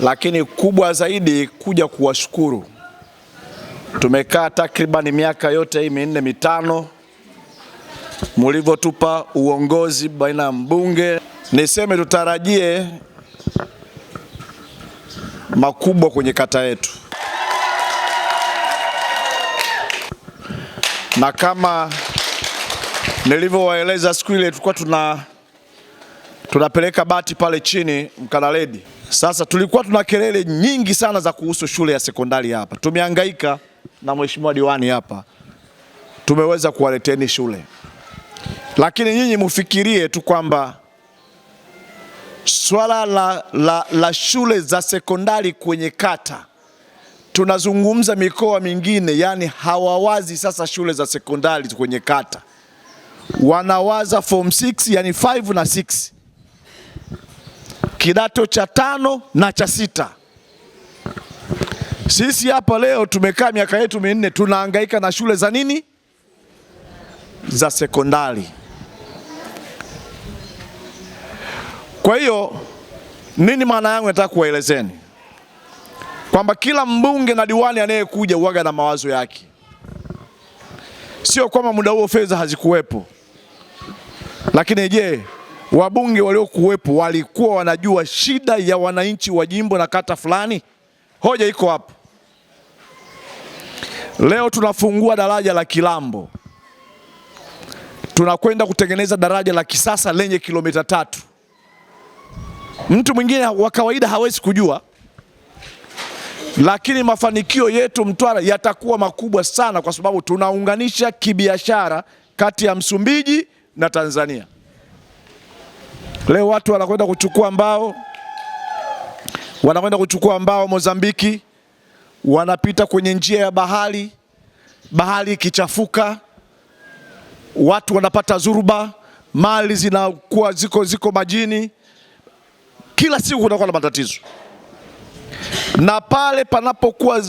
lakini kubwa zaidi kuja kuwashukuru. Tumekaa takribani miaka yote hii minne mitano mulivyotupa uongozi baina ya mbunge, niseme tutarajie makubwa kwenye kata yetu, na kama nilivyowaeleza siku ile tulikuwa tuna tunapeleka bati pale chini Mkanaledi. Sasa tulikuwa tuna kelele nyingi sana za kuhusu shule ya sekondari hapa. Tumehangaika na mheshimiwa diwani hapa, tumeweza kuwaleteni shule, lakini nyinyi mfikirie tu kwamba swala la, la, la shule za sekondari kwenye kata tunazungumza mikoa mingine, yani hawawazi sasa shule za sekondari kwenye kata, wanawaza form 6 yani 5 na 6 kidato cha tano na cha sita. Sisi hapa leo tumekaa miaka yetu minne tunahangaika na shule za nini, za sekondari. Kwa hiyo nini maana yangu, nataka kuwaelezeni kwamba kila mbunge na diwani anayekuja uwaga na mawazo yake, sio kwamba muda huo fedha hazikuwepo, lakini je wabunge waliokuwepo walikuwa wanajua shida ya wananchi wa jimbo na kata fulani? Hoja iko hapo. Leo tunafungua daraja la Kilambo, tunakwenda kutengeneza daraja la kisasa lenye kilomita tatu. Mtu mwingine wa kawaida hawezi kujua, lakini mafanikio yetu Mtwara yatakuwa makubwa sana, kwa sababu tunaunganisha kibiashara kati ya Msumbiji na Tanzania. Leo watu wanakwenda kuchukua mbao, wanakwenda kuchukua mbao Mozambiki, wanapita kwenye njia ya bahari, bahari ikichafuka, watu wanapata zuruba, mali zinakuwa ziko ziko majini, kila siku kunakuwa na matatizo na pale panapokuwa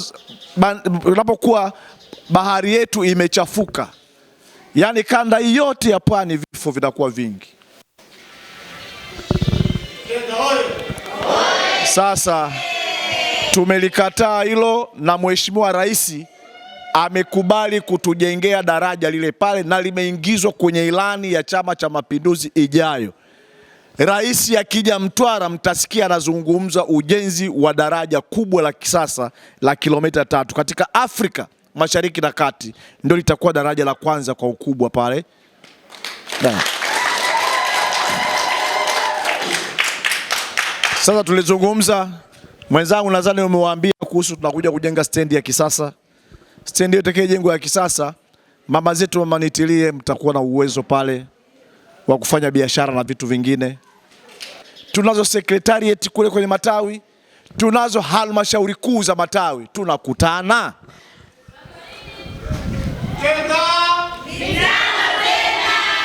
panapokuwa bahari yetu imechafuka, yaani kanda yote ya pwani, vifo vinakuwa vingi. Sasa tumelikataa hilo na Mheshimiwa Rais amekubali kutujengea daraja lile pale na limeingizwa kwenye ilani ya Chama cha Mapinduzi ijayo. Rais akija Mtwara mtasikia anazungumza ujenzi wa daraja kubwa la kisasa la kilomita tatu katika Afrika Mashariki na Kati, ndio litakuwa daraja la kwanza kwa ukubwa pale da. Sasa tulizungumza, mwenzangu, nadhani umewaambia kuhusu tunakuja kujenga stendi ya kisasa. Stendi hiyo itakayojengwa ya kisasa, mama zetu wamanitilie, mtakuwa na uwezo pale wa kufanya biashara na vitu vingine. Tunazo secretariat kule kwenye matawi, tunazo halmashauri kuu za matawi, tunakutana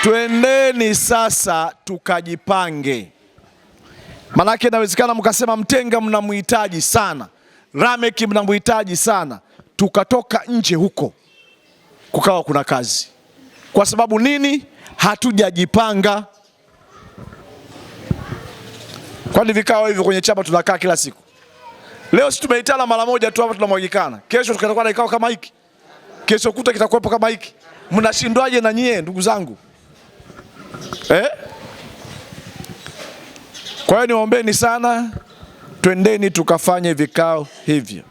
twendeni sasa tukajipange. Manake inawezekana mkasema Mtenga mnamhitaji sana, Rameki mnamhitaji sana, tukatoka nje huko kukawa kuna kazi. Kwa sababu nini? Hatujajipanga. Kwani vikao hivyo kwenye chama tunakaa kila siku? Leo si tumeitana mara moja tu hapa tunamwagikana, kesho tutakuwa na kikao kama hiki, kesho kuta kitakuwepo kama hiki. Mnashindwaje na nyie ndugu zangu eh? Kwa hiyo niwaombeni sana, twendeni tukafanye vikao hivyo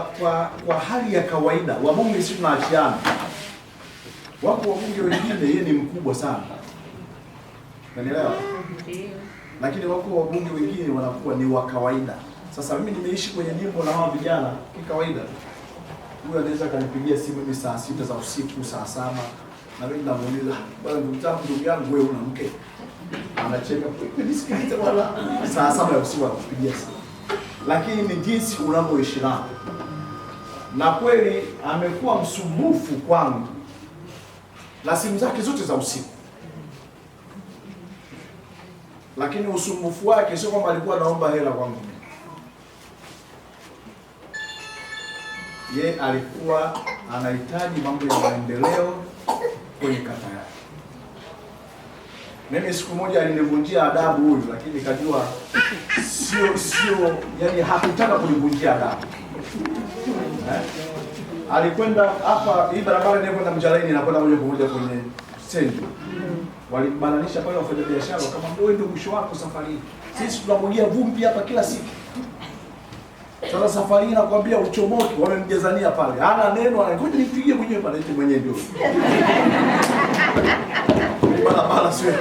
kwa kwa kwa hali ya kawaida wabunge si tunaachiana. Wako wabunge wengine yeye ni mkubwa sana, unaelewa, lakini wako wabunge wengine wanakuwa ni wa kawaida. Sasa mimi nimeishi kwenye jimbo la hawa vijana kikawaida tu, huyu anaweza akanipigia simu mimi saa sita za usiku, saa saba, na mimi namuuliza bwana, ndugu ndugu yangu, wewe una mke? Anacheka nisikilize, wala saa saba ya usiku anakupigia simu, lakini ni jinsi unavyoishi nao na kweli amekuwa msumbufu kwangu, na simu zake zote za usiku. Lakini usumbufu wake sio kwamba alikuwa anaomba hela kwangu, ye alikuwa anahitaji mambo ya maendeleo kwenye kata yake. Mimi siku moja alinivunjia adabu huyu, lakini kajua sio sio, yani hakutaka kunivunjia adabu eh? Alikwenda hapa hii barabara inayokwenda Mjalaini inakwenda moja kwa moja kwenye stendi. Walibananisha pale biashara kama wewe ndio mwisho wako safari hii. Sisi tunamwagia vumbi hapa kila siku. Sasa safari hii nakwambia uchomoke, wamemjezania pale. Hana neno, anakuja nipigie mwenyewe pale tu mwenyewe ndio. bala sio.